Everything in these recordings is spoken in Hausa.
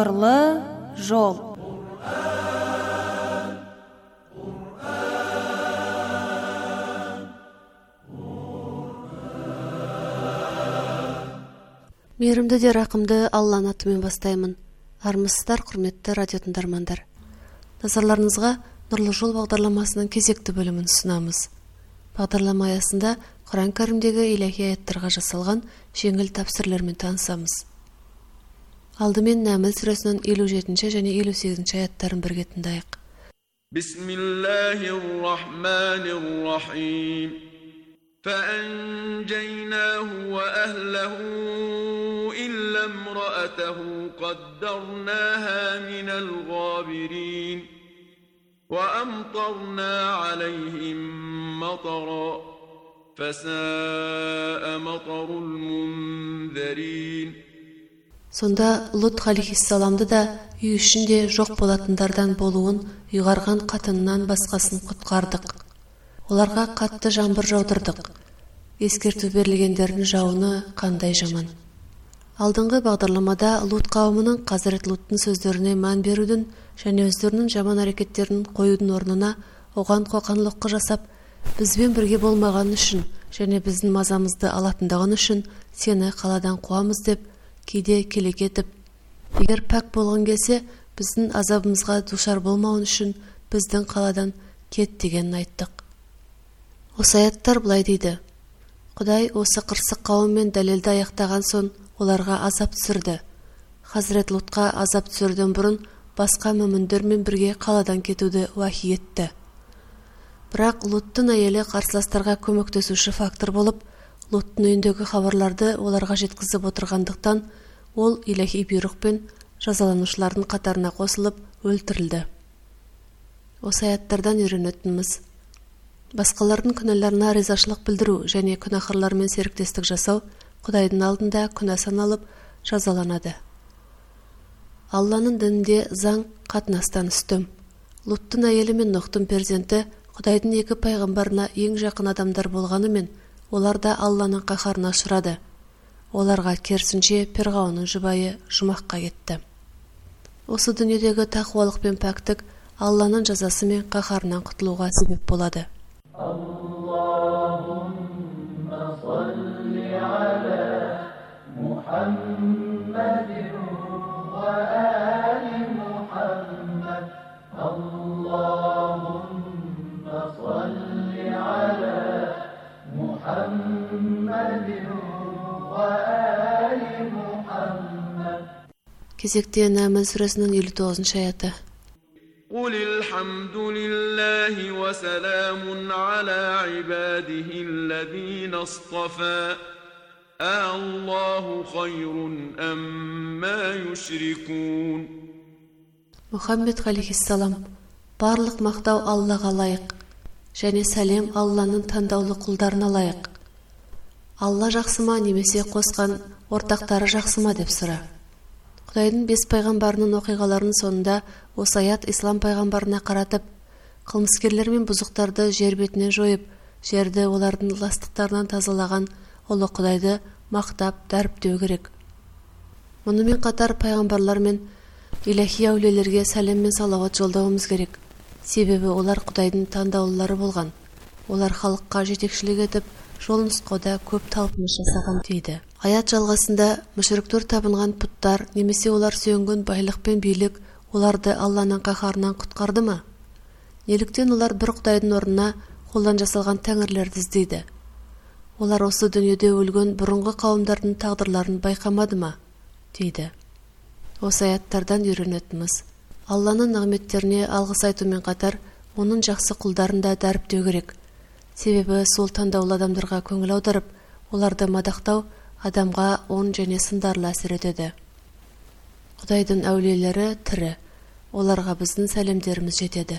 нұрлы жол мейірімді де рақымды алланың атымен бастаймын армысыздар құрметті радио тыңдармандар назарларыңызға нұрлы жол бағдарламасының кезекті бөлімін ұсынамыз бағдарлама аясында құран кәрімдегі иләхи аяттарға жасалған жеңіл тәпсірлермен танысамыз алдымен нәміл сүрасының елу жетінші және елу сегізінші аяттарын бірге тыңдайық бисмиллахи рахмани рахим فأنجيناه وأهله إلا امرأته قدرناها من الغابرين وأمطرنا عليهم مطرا فساء مطر المنذرين сонда лұт ғалихисаламды да үй ішінде жоқ болатындардан болуын ұйғарған қатынынан басқасын құтқардық оларға қатты жаңбыр жаудырдық ескерту берілгендердің жауыны қандай жаман алдыңғы бағдарламада лут қауымының қазірет луттың сөздеріне мән берудің және өздерінің жаман әрекеттерін қоюдың орнына оған қоқанлыққы жасап бізбен бірге болмағаны үшін және біздің мазамызды алатындығын үшін сені қаладан қуамыз деп кейде келек етіп егер пәк болғың келсе біздің азабымызға душар болмауын үшін біздің қаладан кет дегенін айттық осы аяттар былай дейді құдай осы қырсық қауыммен дәлелді аяқтаған соң оларға азап түсірді хазірет лутқа азап түсіруден бұрын басқа мүміндермен бірге қаладан кетуді уәхи етті бірақ луттың әйелі қарсыластарға көмектесуші фактор болып лоттың үйіндегі хабарларды оларға жеткізіп отырғандықтан ол иләхи бұйрықпен жазаланушылардың қатарына қосылып өлтірілді осы аяттардан үйренетініміз басқалардың күнәларына ризашылық білдіру және күнәһарлармен серіктестік жасау құдайдың алдында күнә саналып жазаланады алланың дінінде заң қатынастан үстім луттың әйелі мен нұхтың перзенті құдайдың екі пайғамбарына ең жақын адамдар болғанымен олар да алланың қаһарына ұшырады оларға керісінше перғауынның жұбайы жұмаққа кетті осы дүниедегі тақуалық пен пәктік алланың жазасы мен қаһарынан құтылуға себеп болады кезекте нәмл сүресінің елу тоғызыншы аяты قل الحمد لله وسلام على عباده الذين اصطفى الله барлық мақтау аллаға лайық және сәлем алланың таңдаулы құлдарына лайық алла жақсы ма немесе қосқан ортақтары жақсы ма деп сұра құдайдың бес пайғамбарының оқиғаларының соңында осы аят ислам пайғамбарына қаратып қылмыскерлер мен бұзықтарды жер бетінен жойып жерді олардың ластықтарынан тазалаған ұлы құдайды мақтап дәріптеу керек мұнымен қатар пайғамбарлар мен иләхи әулиелерге сәлем мен салауат жолдауымыз керек себебі олар құдайдың таңдаулылары болған олар халыққа жетекшілік етіп жол нұсқауда көп талпыныс жасаған дейді аят жалғасында мүшіріктер табынған пұттар немесе олар сүйенген байлық пен билік оларды алланың қаһарынан құтқарды ма неліктен олар бір құдайдың орнына қолдан жасалған тәңірлерді іздейді олар осы дүниеде өлген бұрынғы қауымдардың тағдырларын байқамады ма дейді осы аяттардан үйренетініміз алланың нығметтеріне алғыс айтумен қатар оның жақсы құлдарын да дәріптеу керек себебі сол таңдаулы адамдарға көңіл аударып оларды мадақтау адамға оң және сындарлы әсер етеді құдайдың әулиелері тірі оларға біздің сәлемдеріміз жетеді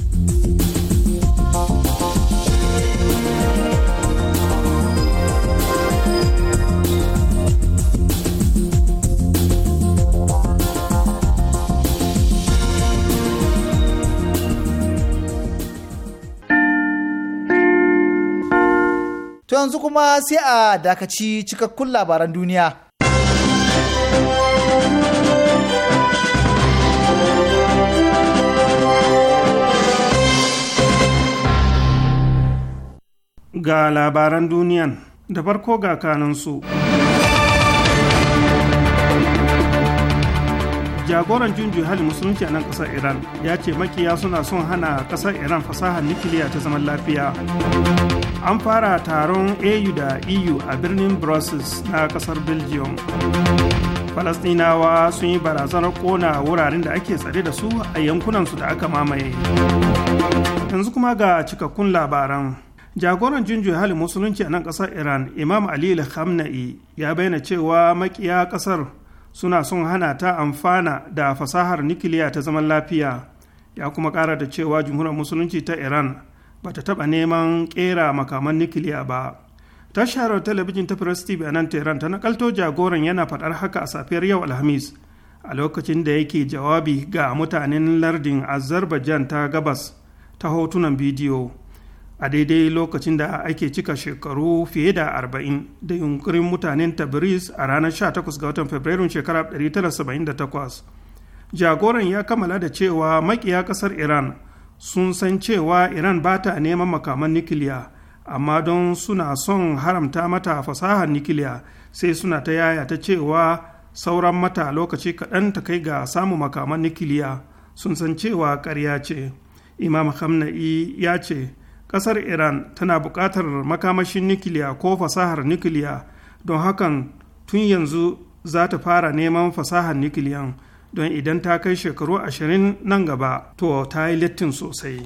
yanzu kuma sai a dakaci cikakkun labaran duniya. Ga labaran duniyan da farko ga kanansu. jagoran junju hali musulunci a nan kasar iran ya ce makiya suna son hana kasar iran fasahar nukiliya ta zaman lafiya an fara taron au da eu a birnin brussels na kasar belgium falasdinawa sun yi barazanar kona wuraren da ake tsare da su a yankunansu da aka mamaye yanzu kuma ga cikakkun labaran jagoran junjin hali musulunci a nan kasar iran imam ali khamnai ya bayyana cewa makiya kasar suna son hana ta amfana da fasahar nikiliya ta zaman lafiya ya kuma ƙara da cewa jumhuriyar musulunci ta iran ba ta taɓa neman ƙera makaman nikiliya ba tashar talabijin ta press tv a nan tehran ta nakalto jagoran yana faɗar haka a safiyar yau alhamis a lokacin da yake jawabi ga mutanen lardin azerbaijan ta gabas ta hotunan bidiyo a daidai lokacin da ake cika shekaru fiye da arba'in da yunkurin mutanen tabriz a ranar 18 ga watan fabrairun shekarar 1978 jagoran ya kammala da cewa makiya kasar iran sun san cewa iran ba ta neman makaman nikiliya amma don suna son haramta mata fasahar nikiliya sai suna ta yaya ta cewa sauran mata lokaci kaɗan ta kai ga samun makaman nikiliya sun san cewa ƙarya ce imam hamna'i ya ce ƙasar iran tana buƙatar makamashin nukiliya ko fasahar nukiliya don hakan tun yanzu za ta fara neman fasahar nukiliyan don idan ta kai shekaru ashirin nan gaba to ta yi littin sosai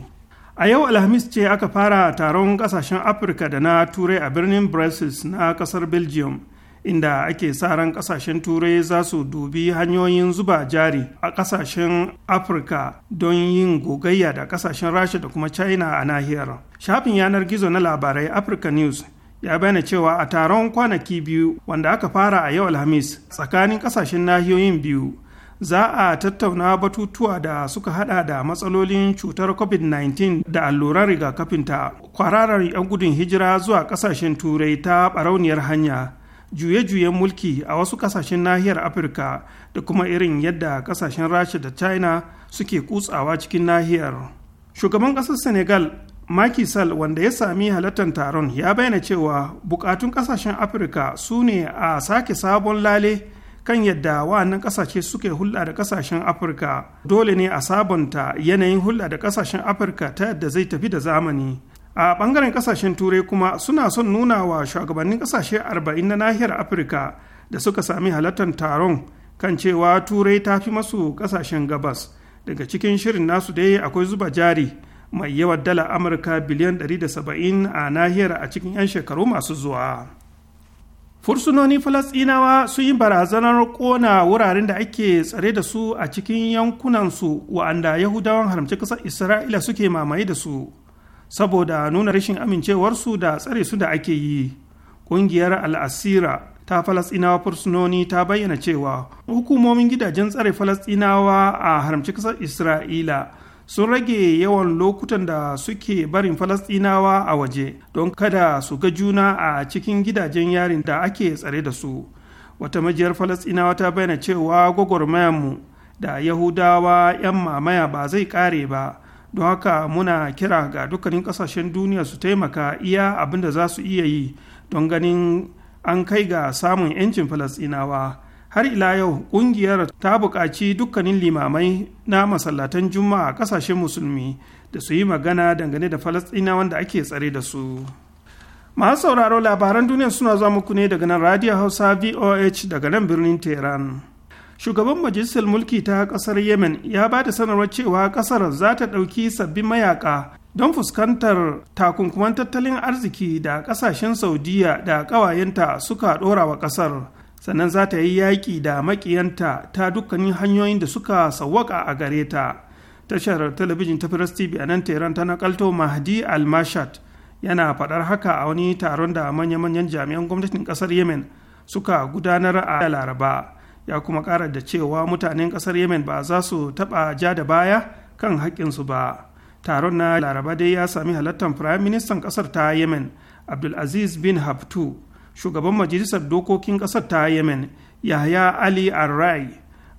a yau alhamis ce aka fara taron kasashen afirka da na turai a birnin brussels na kasar belgium inda ake sa ran kasashen turai za su dubi hanyoyin zuba jari a kasashen afirka don yin gogayya da kasashen rasha da kuma china a nahiyar shafin yanar gizo na labarai africa news ya bayyana cewa a taron kwanaki biyu wanda aka fara a yau alhamis tsakanin kasashen nahiyoyin biyu za a tattauna batutuwa da suka hada da matsalolin cutar covid-19 da allurar rigakafinta kwararar 'yan gudun hijira zuwa kasashen turai ta barauniyar hanya juye-juyen mulki a wasu kasashen nahiyar afirka da kuma irin yadda kasashen rasha da china suke kutsawa cikin nahiyar shugaban ƙasar senegal Macky Sall wanda ya sami halartar taron ya bayyana cewa bukatun kasashen Afirka su ne a sake sabon lale kan yadda wa'annan kasashe suke hulɗa da kasashen Afirka. Dole ne a sabonta yanayin hulɗa da kasashen Afirka ta yadda zai tafi da zamani. a bangaren kasashen turai kuma suna son nuna wa shugabannin kasashe 40 na nahiyar afirka da suka sami halartar taron kan cewa turai ta fi masu kasashen gabas daga cikin shirin nasu dai akwai zuba jari mai yawan dala amurka biliyan 170 a nahiyar a cikin 'yan shekaru masu zuwa fursunoni falasɗinawa sun yi barazanar kona wuraren da ake tsare da su a cikin yankunansu wa'anda yahudawan haramci ƙasar isra'ila suke mamaye da su saboda nuna rashin amincewarsu da tsare su da ake yi ƙungiyar al'asira ta falasɗinawa fursunoni ta bayyana cewa hukumomin gidajen tsare falasɗinawa a haramci ƙasar isra'ila sun rage yawan lokutan da suke barin falasɗinawa a waje don kada su ga juna a cikin gidajen yarin da ake tsare da su wata majiyar falasɗinawa ta bayyana cewa gwagwarmayarmu da yahudawa 'yan mamaya ba zai kare ba don haka muna kira ga dukkanin kasashen duniya su taimaka iya abin da za su iya yi don ganin an kai ga samun 'yancin falasɗinawa har ila yau ƙungiyar ta buƙaci dukkanin limamai na masallatan juma'a a ƙasashen musulmi da su yi magana dangane da falasɗinawan da ake tsare da su masu sauraro labaran duniya suna zuwa muku ne daga nan radio hausa voh daga nan birnin tehran shugaban majalisar mulki ta kasar yemen ya ba da sanarwar cewa kasar za ta ɗauki sabbin mayaka don fuskantar takunkuman tattalin arziki da kasashen saudiya da kawayenta suka ɗora wa kasar sannan za ta yi yaƙi da makiyanta ta dukkanin hanyoyin da suka sawwaka a gare ta tashar talabijin ta firas tv a nan teran ta nakalto mahdi almashat yana faɗar haka a wani taron da manya-manyan jami'an gwamnatin ƙasar yemen suka gudanar a laraba ya kuma ƙara da cewa mutanen ƙasar yemen ba za su taɓa ja da baya kan haƙƙinsu ba taron na laraba dai ya sami halartar firayim ministan ƙasar ta yemen abdulaziz bin habtu shugaban majalisar dokokin ƙasar ta yemen yahya ali arrai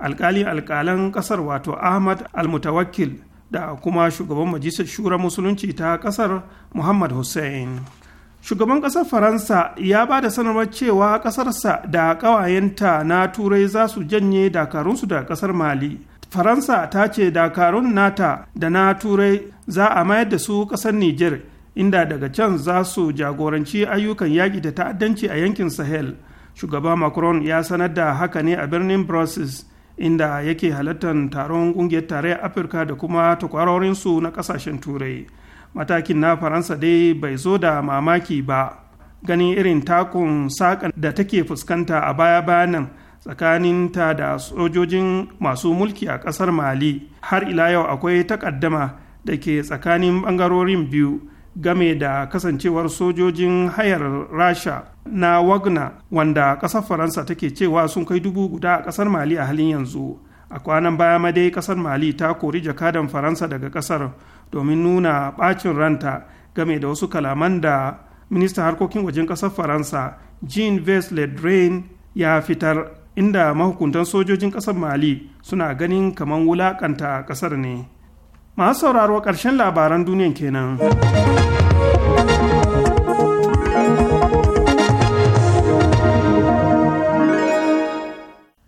alkali alkalan ƙasar wato ahmad almutawakkil da kuma shugaban majalisar shura musulunci ta ƙasar muhammad hussein shugaban ƙasar faransa ya ba da sanarwar cewa ƙasarsa da ƙawayenta na turai za su janye dakarunsu daga ƙasar mali faransa ta ce dakarun nata da na turai za a mayar da su ƙasar niger inda daga can za su jagoranci ayyukan yaƙi da ta'addanci a yankin sahel shugaba macron ya sanar da haka ne a birnin brussels inda yake halartar taron ƙungiyar tarayyar afirka da kuma takwarorinsu na ƙasashen turai matakin na faransa dai bai zo da mamaki ba ganin irin takun saƙa da take fuskanta a baya bayanan ta da sojojin masu mulki a ƙasar mali har ila yau akwai takaddama da ke tsakanin bangarorin biyu game da kasancewar sojojin hayar rasha na wagna wanda ƙasar faransa take cewa sun kai dubu guda a ƙasar mali a halin yanzu a kwanan baya ma dai ƙasar mali ta kori jakadan faransa daga ƙasar domin nuna bacin ranta game da wasu kalaman da ministan harkokin wajen kasar faransa jean ves le drain ya fitar inda mahukuntan sojojin kasar mali suna ganin kamar wulaƙanta kasar ne masu sauraro ƙarshen labaran duniyan kenan.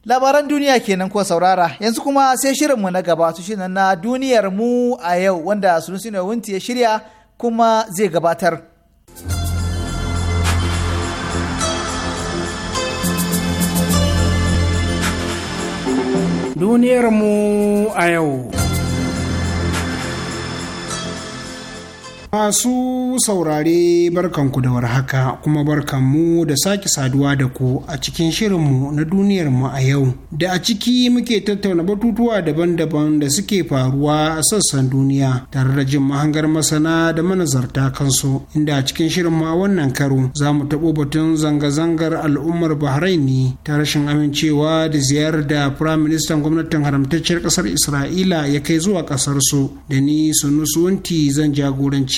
labaran duniya kenan ko saurara yanzu kuma sai shirinmu na gaba su shirin na duniyar mu a yau wanda sunusi na winti ya shirya kuma zai gabatar duniyar mu a yau Masu saurare barkanku da warhaka kuma barkanmu da sake saduwa da ku a cikin shirinmu na duniyarmu a yau da a ciki muke tattauna batutuwa daban-daban da suke faruwa a sassan duniya tare da jin mahangar masana da manazarta kansu inda a cikin shirinmu a wannan karo za mu taɓo batun zanga-zangar al'ummar Bahrain ne ta rashin amincewa da ziyarar da Firaministan gwamnatin haramtacciyar ƙasar Isra'ila ya kai zuwa ƙasarsu da ni su Sunusunti zan jagoranci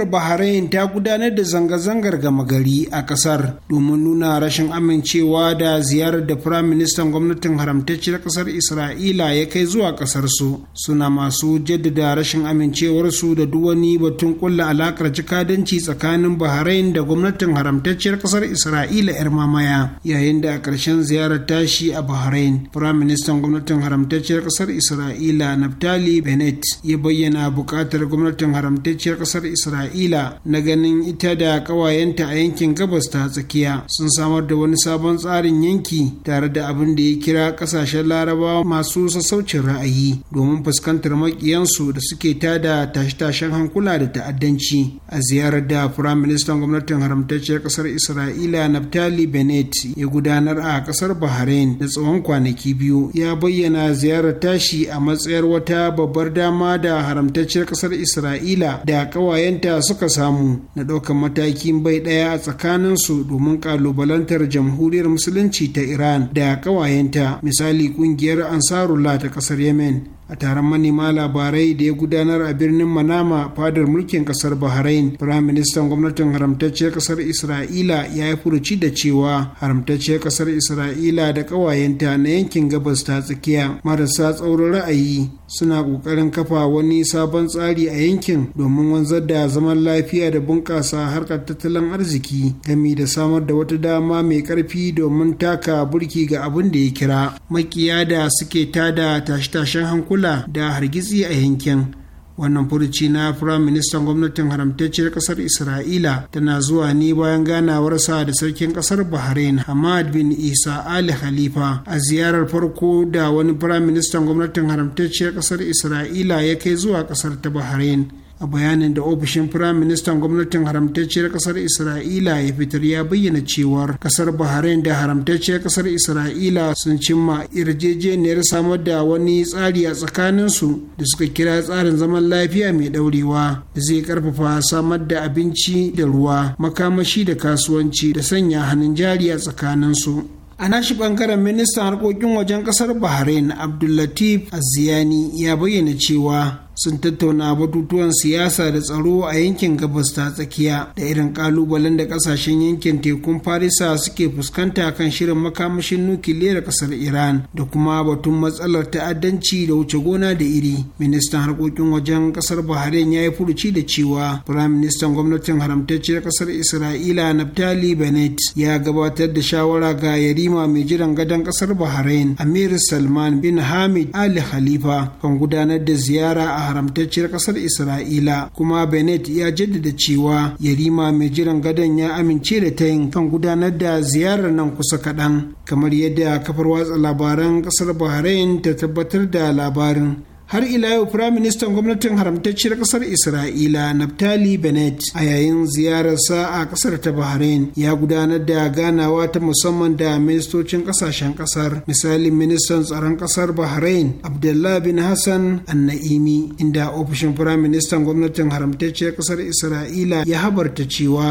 hukumar Bahrain ta gudanar da zanga-zangar gama gari a kasar domin nuna rashin amincewa da ziyarar da firaministan gwamnatin haramtacciyar kasar Isra'ila ya kai zuwa kasar su suna masu jaddada rashin amincewarsu da duwani batun kulla alakar jikadanci tsakanin Bahrain da gwamnatin haramtacciyar kasar Isra'ila yar mamaya yayin da a ƙarshen ziyarar tashi a Bahrain firaministan gwamnatin haramtacciyar kasar Isra'ila Naftali Bennett ya bayyana buƙatar gwamnatin haramtacciyar kasar Isra'ila isra'ila na ganin ita da ƙawayenta a yankin gabas ta tsakiya sun samar da wani sabon tsarin yanki tare da abin da ya kira ƙasashen larabawa masu sassaucin ra'ayi domin fuskantar maƙiyansu da suke ta da tashe-tashen hankula da ta'addanci a ziyarar da firaministan gwamnatin haramtacciyar ƙasar isra'ila naftali bennett ya gudanar a ƙasar bahrain da tsawon kwanaki biyu ya bayyana ziyarar tashi a matsayar wata babbar dama da haramtacciyar ƙasar isra'ila da ƙawayenta suka samu na ɗaukan matakin bai ɗaya a su domin ƙalubalantar jamhuriyar musulunci ta iran da ƙawayenta misali ƙungiyar ansarullah ta ƙasar yemen a taron manema labarai da ya gudanar a birnin manama fadar mulkin kasar bahrain Firaministan gwamnatin haramtacciyar kasar isra'ila ya yi furuci da cewa haramtacciyar kasar isra'ila da ƙawayenta na yankin gabas ta tsakiya marasa tsaurin ra'ayi suna ƙoƙarin kafa wani sabon tsari a yankin domin wanzar da zaman lafiya da bunƙasa harkar tattalin arziki gami da samar da wata dama mai ƙarfi domin taka burki ga abin da ya kira makiya da suke tada tashe-tashen hankula rula da hargitsi a yankin wannan furuci na firayim ministan gwamnatin haramtacciyar kasar isra'ila tana zuwa ne bayan ganawarsa da sarkin kasar bahrain hamad bin isa ali khalifa a ziyarar farko da wani firayim ministan gwamnatin haramtacciyar kasar isra'ila ya kai zuwa kasar ta bahrain a bayanin da ofishin firaministan gwamnatin haramtacciyar kasar isra'ila ya fitar ya bayyana cewar kasar bahrain da haramtacciyar kasar isra'ila sun cimma yarjejeniyar samar da wani tsari a tsakaninsu da suka kira tsarin zaman lafiya mai daurewa da zai karfafa samar da abinci da ruwa makamashi da kasuwanci da sanya hannun jari a tsakaninsu a nashi bangaren ministan harkokin wajen kasar bahrain abdullatif aziyani ya bayyana cewa sun tattauna batutuwan siyasa da tsaro a yankin gabas ta tsakiya da irin kalubalen da kasashen yankin tekun farisa suke fuskanta kan shirin makamashin nukiliyar kasar iran da kuma batun matsalar ta'addanci da wuce gona da iri ministan harkokin wajen kasar bahrain ya yi furuci da cewa firayim ministan gwamnatin haramtacciyar kasar isra'ila naftali Benet ya gabatar da shawara ga yarima mai jiran gadon kasar bahrain amir salman bin hamid ali khalifa kan gudanar da ziyara a a haramtacciyar kasar isra'ila kuma benet ya jaddada cewa yarima mai jiran gadon ya amince da tayin kan gudanar da ziyarar nan kusa kaɗan kamar yadda kafar watsa labaran kasar bahrain ta tabbatar da labarin har ila yau firaministan gwamnatin haramtacciyar kasar isra'ila naftali benet a yayin ziyararsa a kasar ta bahrain ya gudanar da ganawa ta musamman da ministocin kasashen kasar misali ministan tsaron kasar bahrain abdullah bin hassan annaimi inda ofishin firaministan gwamnatin haramtacciyar kasar isra'ila ya habarta cewa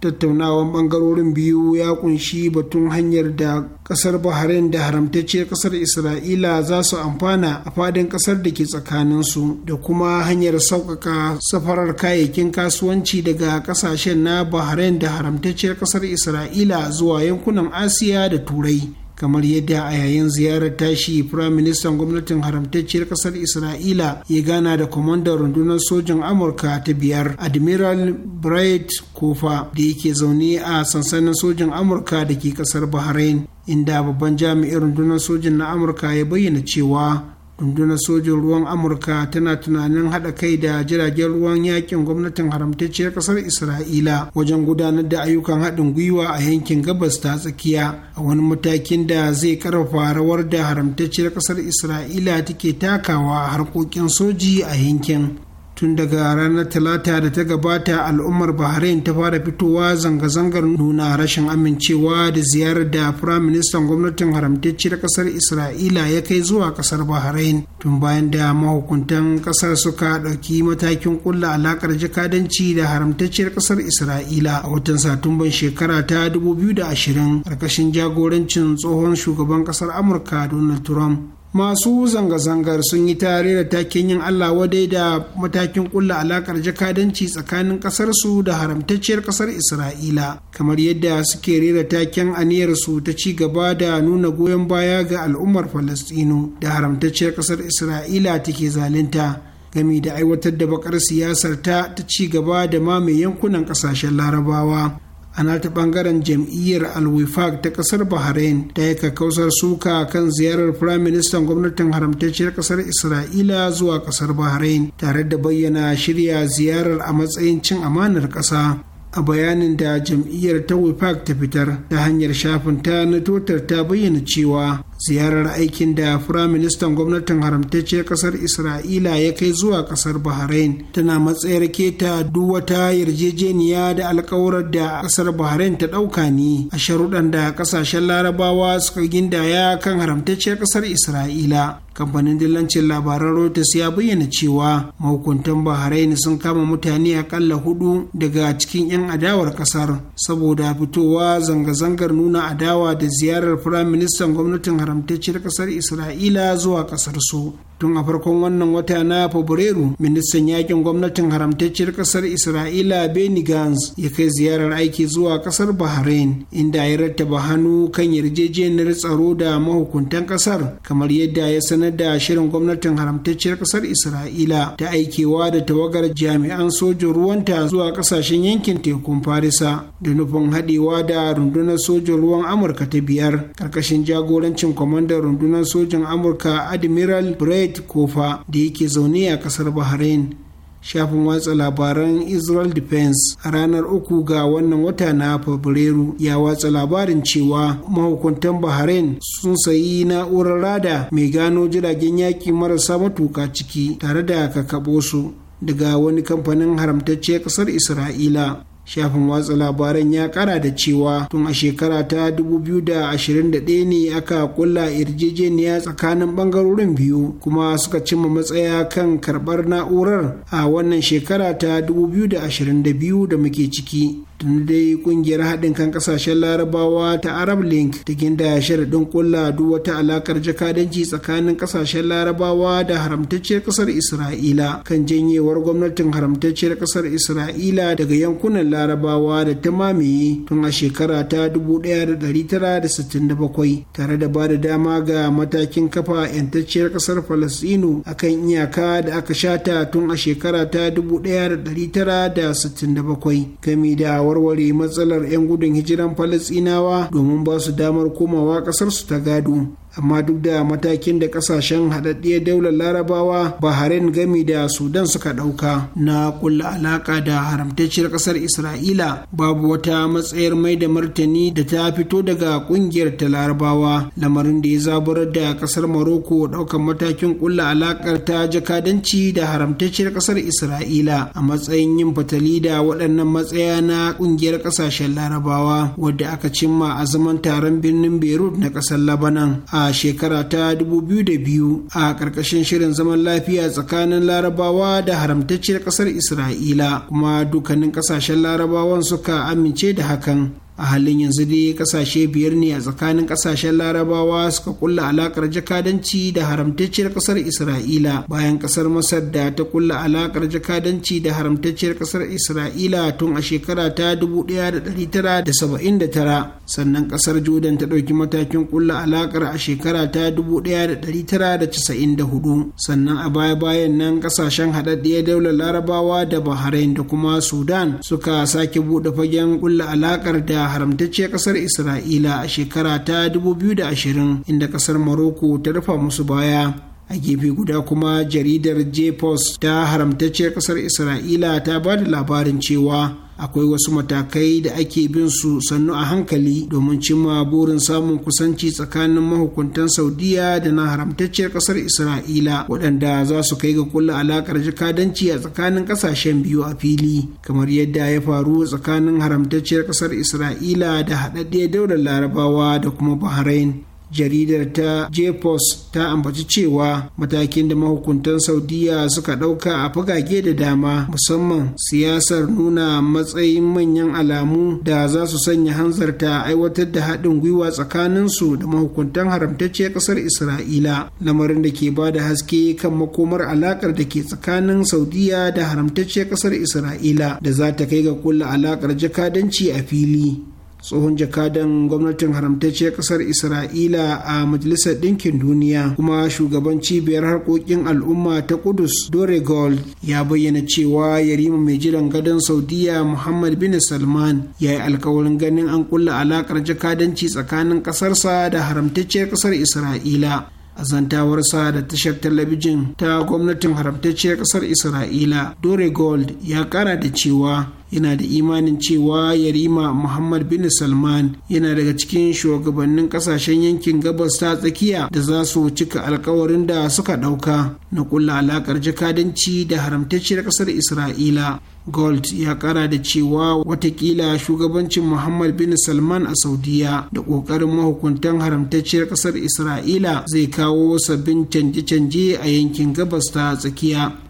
tattaunawan bangarorin biyu ya kunshi batun hanyar da kasar bahrain da haramtacciyar kasar isra'ila za su amfana a fadin kasar da ke tsakaninsu da kuma hanyar sauƙaƙa safarar kayayyakin kasuwanci daga kasashen na bahrain da haramtacciyar kasar isra'ila zuwa yankunan asiya da turai kamar yadda a yayin ziyarar tashi firayim gwamnatin haramtacciyar kasar isra'ila ya gana da kwamandan rundunar sojin amurka ta biyar admiral bright kofa da yake zaune a sansanin sojin amurka da ke kasar bahrain inda babban jami'in rundunar sojin na amurka ya bayyana cewa rundunar sojin ruwan amurka tana tunanin haɗa kai da jiragen ruwan yakin gwamnatin haramtacciyar ƙasar isra'ila wajen gudanar da ayyukan haɗin gwiwa a yankin gabas ta tsakiya a wani matakin da zai karfafa rawar da haramtacciyar ƙasar isra'ila take takawa a harkokin soji a yankin tun daga ranar talata da ta gabata al'ummar bahrain ta fara fitowa zanga-zangar nuna rashin amincewa da ziyarar da firayim gwamnatin haramtacci da kasar isra'ila ya kai zuwa kasar bahrain tun bayan da mahukuntan kasar suka ɗauki matakin kulla alakar jakadanci da haramtacciyar kasar isra'ila a watan satumban shekara ta 2020 ƙarƙashin jagorancin tsohon shugaban kasar amurka donald trump masu zanga-zangar sun yi tare da taken yin Allah wadai da matakin kulla alakar jakadanci tsakanin ƙasarsu da haramtacciyar ƙasar Isra'ila kamar yadda suke rera taken aniyarsu ta ci gaba da nuna goyon baya ga al'ummar Falastinu da haramtacciyar ƙasar Isra'ila take zalunta gami da aiwatar da bakar siyasar ta ta ci gaba da mamaye yankunan ƙasashen Larabawa ana ta bangaren jam'iyyar alwifak ta kasar bahrain ta yi kakkausar suka kan ziyarar firaministan gwamnatin haramtacciyar kasar isra'ila zuwa kasar bahrain tare da bayyana shirya ziyarar a matsayin cin amanar kasa a bayanin da jam'iyyar ta wifak ta fitar ta hanyar shafin ta na totar ta bayyana cewa ziyarar aikin da firaministan gwamnatin haramtacciyar kasar isra'ila ya kai zuwa kasar bahrain tana matsayar keta duk wata yarjejeniya da alkawarar da kasar bahrain ta ɗauka ne a sharuɗan da kasashen larabawa suka gindaya kan haramtacciyar kasar isra'ila kamfanin dillancin labaran reuters ya bayyana cewa mahukuntan bahrain sun kama mutane akalla hudu daga cikin 'yan adawar kasar saboda fitowa zanga-zangar nuna adawa da ziyarar firaministan gwamnatin haramtacciyar ƙasar isra'ila zuwa ƙasar su tun a farkon wannan wata na fabrairu ministan yakin gwamnatin haramtacciyar kasar isra'ila benny gans ya kai ziyarar aiki zuwa kasar bahrain inda ya rattaba hannu kan yarjejeniyar tsaro da mahukuntan kasar kamar yadda ya sanar da shirin gwamnatin haramtacciyar kasar isra'ila ta aikewa da tawagar jami'an sojin ruwanta zuwa kasashen yankin tekun farisa da nufin haɗewa da rundunar sojin ruwan amurka ta biyar ƙarƙashin jagorancin kwamandan rundunar sojin amurka admiral brett Ahmed Kofa da yake zaune a kasar Bahrain. Shafin watsa labaran Israel Defense a ranar uku ga wannan wata na Fabrairu ya watsa labarin cewa mahukuntan Bahrain sun sayi na'urar rada mai gano jiragen yaƙi marasa matuka ciki tare da kakaɓo su daga wani kamfanin haramtacce ƙasar Isra'ila. shafin watsa labaran ya kara da cewa tun a shekara ta 2021 ne aka kulla yarjejeniya tsakanin bangarorin biyu kuma suka cimma matsaya kan karbar na'urar a wannan shekara ta 2022 da muke ciki tun dai kungiyar haɗin kan ƙasashen larabawa ta arab link ta ginda sharaɗin kulla duk wata alakar jakadanci tsakanin ƙasashen larabawa da haramtacciyar ƙasar isra'ila kan janyewar gwamnatin haramtacciyar ƙasar isra'ila daga yankunan larabawa da ta mamaye tun a shekara ta 1967 tare da ba da dama ga matakin kafa 'yantacciyar ƙasar falastinu akan iyaka da aka shata tun a shekara ta 1967 gami da warware matsalar 'yan gudun hijiran falasinawa domin ba su damar komawa ƙasarsu ta gado amma duk da matakin da kasashen hadaddiya daular larabawa bahrain gami da sudan suka ɗauka na kulla alaƙa da haramtacciyar ƙasar isra'ila babu wata matsayar mai da martani da ta fito daga ƙungiyar ta larabawa lamarin da ya zaburar da ƙasar maroko ɗaukar matakin kulla alaƙar ta jakadanci da haramtacciyar ƙasar isra'ila a matsayin yin fatali da waɗannan matsaya na ƙungiyar ƙasashen larabawa wadda aka cimma a zaman taron birnin beirut na ƙasar labanan a a shekara ta 2002 a ƙarƙashin shirin zaman lafiya tsakanin larabawa da haramtacciyar ƙasar isra'ila kuma dukkanin ƙasashen larabawan suka amince da hakan a halin yanzu dai kasashe biyar ne a tsakanin kasashen larabawa suka kulla alakar jakadanci da haramtacciyar kasar isra'ila bayan kasar masar da ta kulla alakar jakadanci da haramtacciyar kasar isra'ila tun a shekara ta 1979 sannan kasar jordan ta ɗauki matakin kulla alakar a shekara ta 1994 sannan a baya-bayan nan kasashen haɗaɗɗiyar daular larabawa da bahrain da kuma sudan suka sake buɗe fagen kulla alakar da haramtacciyar kasar isra'ila a shekara ta 2020 inda kasar morocco ta rufa musu baya a gefe guda kuma jaridar j-post ta haramtacciyar kasar isra'ila ta ba da labarin cewa akwai wasu matakai da ake bin su sannu a hankali domin cimma burin samun kusanci tsakanin mahukuntan saudiya da na haramtacciyar kasar isra'ila waɗanda za su kai ga kulla alaƙar jakadanci a tsakanin ƙasashen biyu a fili kamar yadda ya faru tsakanin haramtacciyar kasar isra'ila da haɗaɗɗiyar daular larabawa da kuma bahrain jaridar ta jepos ta ambaci cewa matakin da mahukuntan saudiya suka ɗauka a fagage da dama musamman siyasar nuna matsayin manyan alamu da za su sanya hanzarta aiwatar da haɗin gwiwa tsakanin su da mahukuntan haramtacciyar ƙasar isra'ila lamarin da ke ba da haske kan makomar alaƙar da ke tsakanin saudiya da haramtacciyar ƙasar isra'ila da za ta kai ga kulla alaƙar jakadanci a fili tsohon jakadan gwamnatin haramtacciyar kasar isra'ila a majalisar ɗinkin duniya kuma shugaban cibiyar harkokin al'umma ta kudus dore gold ya bayyana cewa yarima mai jiran gadon saudiya muhammad bin salman ya yi alkawarin ganin an kulla alakar jakadanci tsakanin kasarsa da haramtacciyar kasar isra'ila a zantawarsa da tashar talabijin ta gwamnatin haramtacciyar kasar isra'ila dore gold ya kara da cewa yana da imanin cewa yarima muhammad bin salman yana daga cikin shugabannin kasashen yankin gabas ta tsakiya da za su cika alkawarin da suka ɗauka na kulla alakar jakadanci da haramtacciyar ƙasar isra'ila gold ya kara da cewa watakila shugabancin muhammad bin salman a saudiya da ƙoƙarin mahukuntan haramtacciyar ƙasar isra'ila zai kawo sabbin canje-canje a yankin gabas ta tsakiya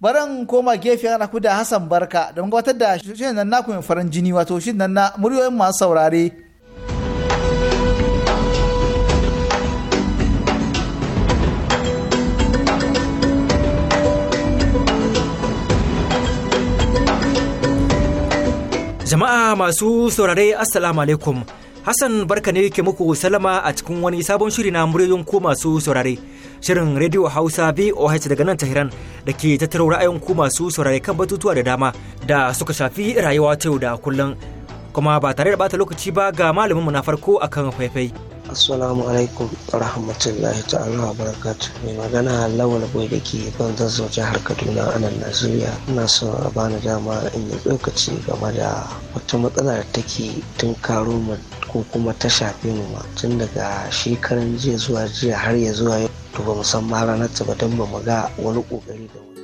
baran koma gefe ana ku da Hassan Barka don gabatar da shirin nan naku mai farin jini wato shin nan na muryoyin masu saurare. Jama'a masu saurare Assalamu alaikum. Hassan barka ne ke muku salama a cikin wani sabon shiri na muryoyin ku masu saurare. Shirin Radio Hausa VOH daga nan Tahiran da ke tattaro ra'ayin ku masu saurare kan batutuwa da dama da suka shafi rayuwa ta yau da kullum. Kuma ba tare da bata lokaci ba ga malamin mu na farko akan faifai. Assalamu alaikum rahmatullahi ta'ala wa barakatu. Mai magana lawal boy da ke ban zazzau jihar Kaduna a nan Najeriya. Ina so a bani dama in yi tsokaci game da wata matsala da take tun karo mu ko kuma ta shafe mu ma tun daga shekaran jiya zuwa jiya har ya zuwa yau. To ba mu san ma ranar ta ba don ba mu ga wani kokari da wani.